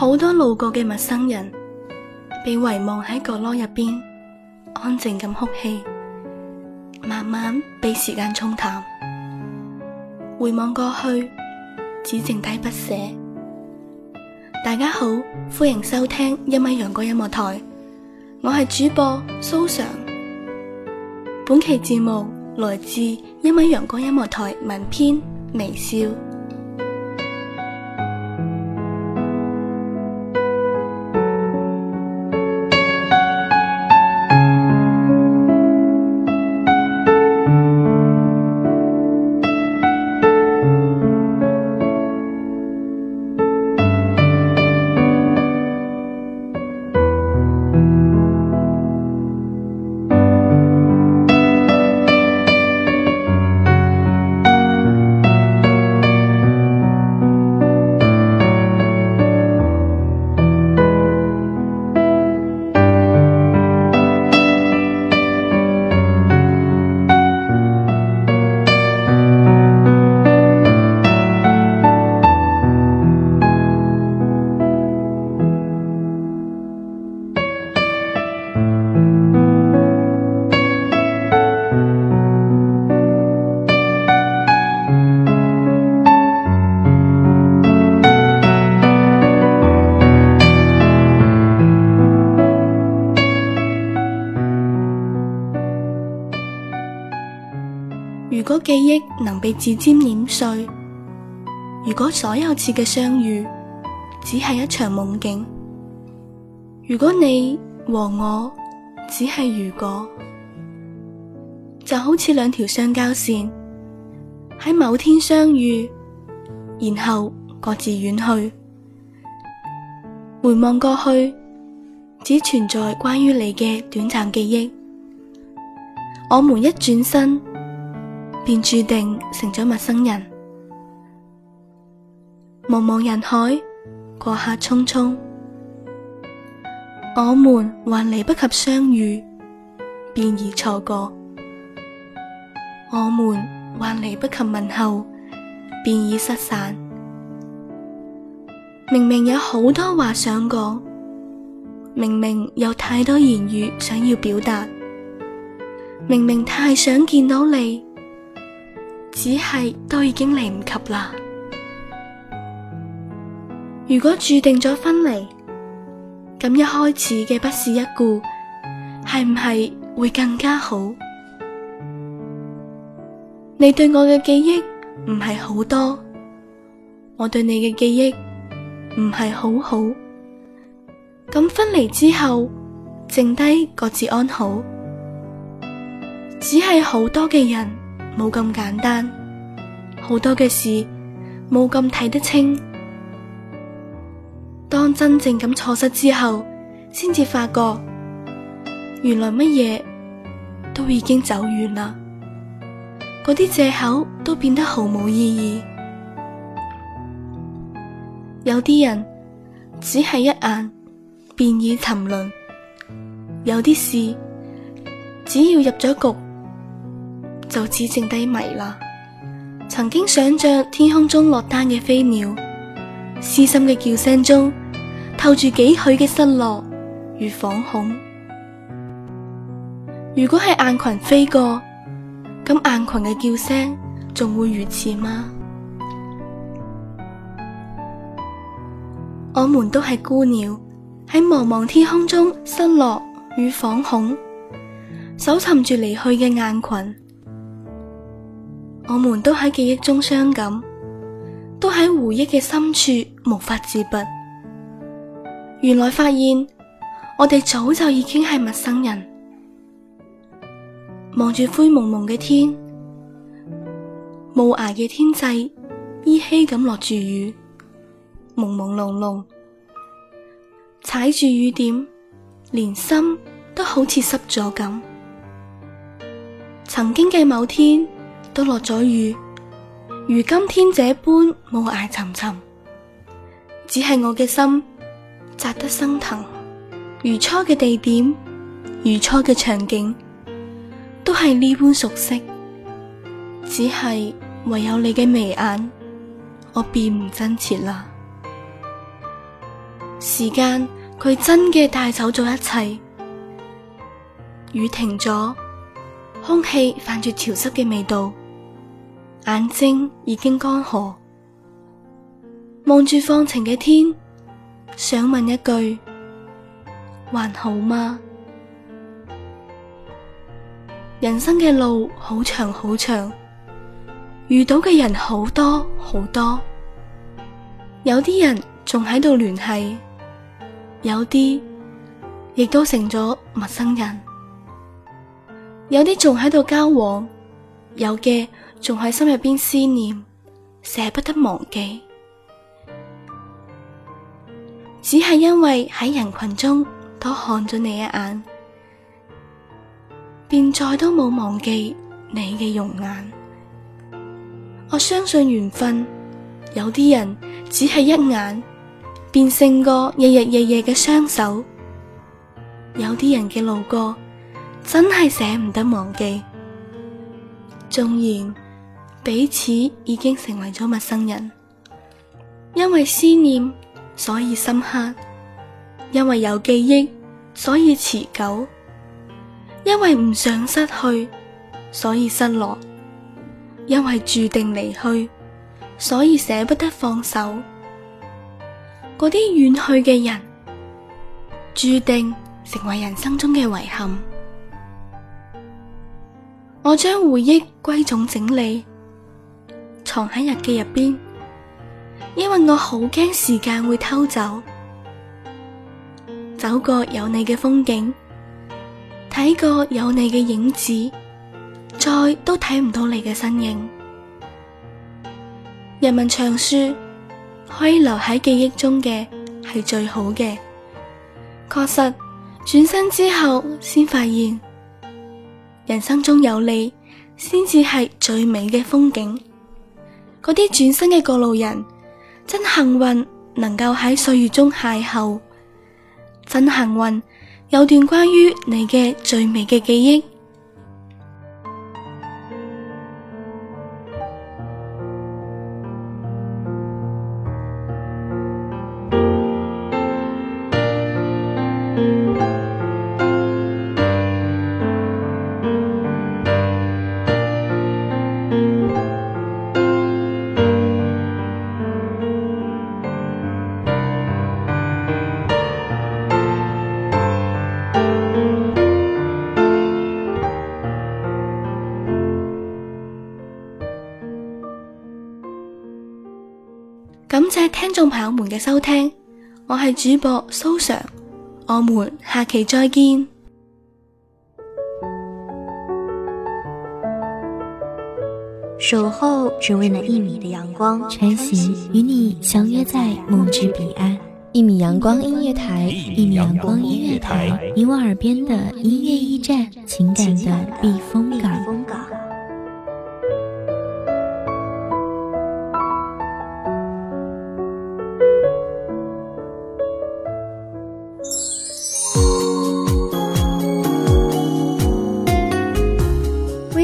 好多路過嘅陌生人，被遺忘喺角落入邊，安靜咁哭泣，慢慢被時間沖淡。回望過去，只剩低不捨。大家好，歡迎收聽一米陽光音樂台，我係主播蘇常。本期節目來自一米陽光音樂台文篇微笑。如果記憶能被指尖碾碎，如果所有次嘅相遇只係一場夢境，如果你和我只係如果，就好似兩條相交線喺某天相遇，然後各自遠去。回望過去，只存在關於你嘅短暫記憶。我們一轉身便注定成咗陌生人，茫茫人海，過客匆匆，我們還嚟不及相遇，便已錯過；我們還嚟不及問候，便已失散。明明有好多話想講，明明有太多言語想要表達，明明太想見到你。只係都已經嚟唔及啦。如果注定咗分離，咁一開始嘅不是一顧，係唔係會更加好？你對我嘅記憶唔係好多，我對你嘅記憶唔係好好。咁分離之後，剩低各自安好，只係好多嘅人。冇咁簡單，好多嘅事冇咁睇得清。當真正咁錯失之後，先至發覺原來乜嘢都已經走遠啦。嗰啲借口都變得毫無意義。有啲人只係一眼便已沉淪，有啲事只要入咗局。就只剩低迷啦。曾經想象天空中落單嘅飛鳥，撕心嘅叫聲中透住幾許嘅失落與惶恐。如果係雁群飛過，咁雁群嘅叫聲仲會如此嗎？我們都係孤鳥，喺茫茫天空中失落與惶恐，搜尋住離去嘅雁群。我們都喺記憶中傷感，都喺回憶嘅深處無法自拔。原來發現，我哋早就已經係陌生人。望住灰蒙蒙嘅天，霧涯嘅天際依稀咁落住雨，朦朦朧朧，踩住雨點，連心都好似濕咗咁。曾經嘅某天。都落咗雨，如今天這般霧靄沉沉，只係我嘅心扎得生疼。如初嘅地點，如初嘅場景，都係呢般熟悉，只係唯有你嘅眉眼，我變唔真切啦。時間佢真嘅帶走咗一切，雨停咗，空氣泛住潮濕嘅味道。眼睛已經乾涸，望住放晴嘅天，想問一句：還好嗎？人生嘅路好長好長，遇到嘅人好多好多，有啲人仲喺度聯繫，有啲亦都成咗陌生人，有啲仲喺度交往，有嘅。仲喺心入邊思念，捨不得忘記，只係因為喺人群中多看咗你一眼，便再都冇忘記你嘅容顏。我相信緣分，有啲人只係一眼，便勝過日日夜夜嘅雙手；有啲人嘅路過，真係捨唔得忘記。縱然。彼此已經成為咗陌生人，因為思念所以深刻，因為有記憶所以持久，因為唔想失去所以失落，因為注定離去所以捨不得放手。嗰啲遠去嘅人，注定成為人生中嘅遺憾。我將回憶歸總整理。藏喺日記入邊，因為我好驚時間會偷走。走過有你嘅風景，睇過有你嘅影子，再都睇唔到你嘅身影。人民常說，可以留喺記憶中嘅係最好嘅。確實，轉身之後先發現，人生中有你，先至係最美嘅風景。嗰啲轉身嘅過路人，真幸運能夠喺歲月中邂逅，真幸運有段關於你嘅最美嘅記憶。感謝、嗯就是、聽眾朋友們嘅收聽，我係主播蘇常，我們下期再見。守候只為那一米的陽光，穿行與你相約在夢之彼岸。 一米陽光音樂台， 一米陽光音樂台，你 我耳邊的音樂驛站，情感 的避風港。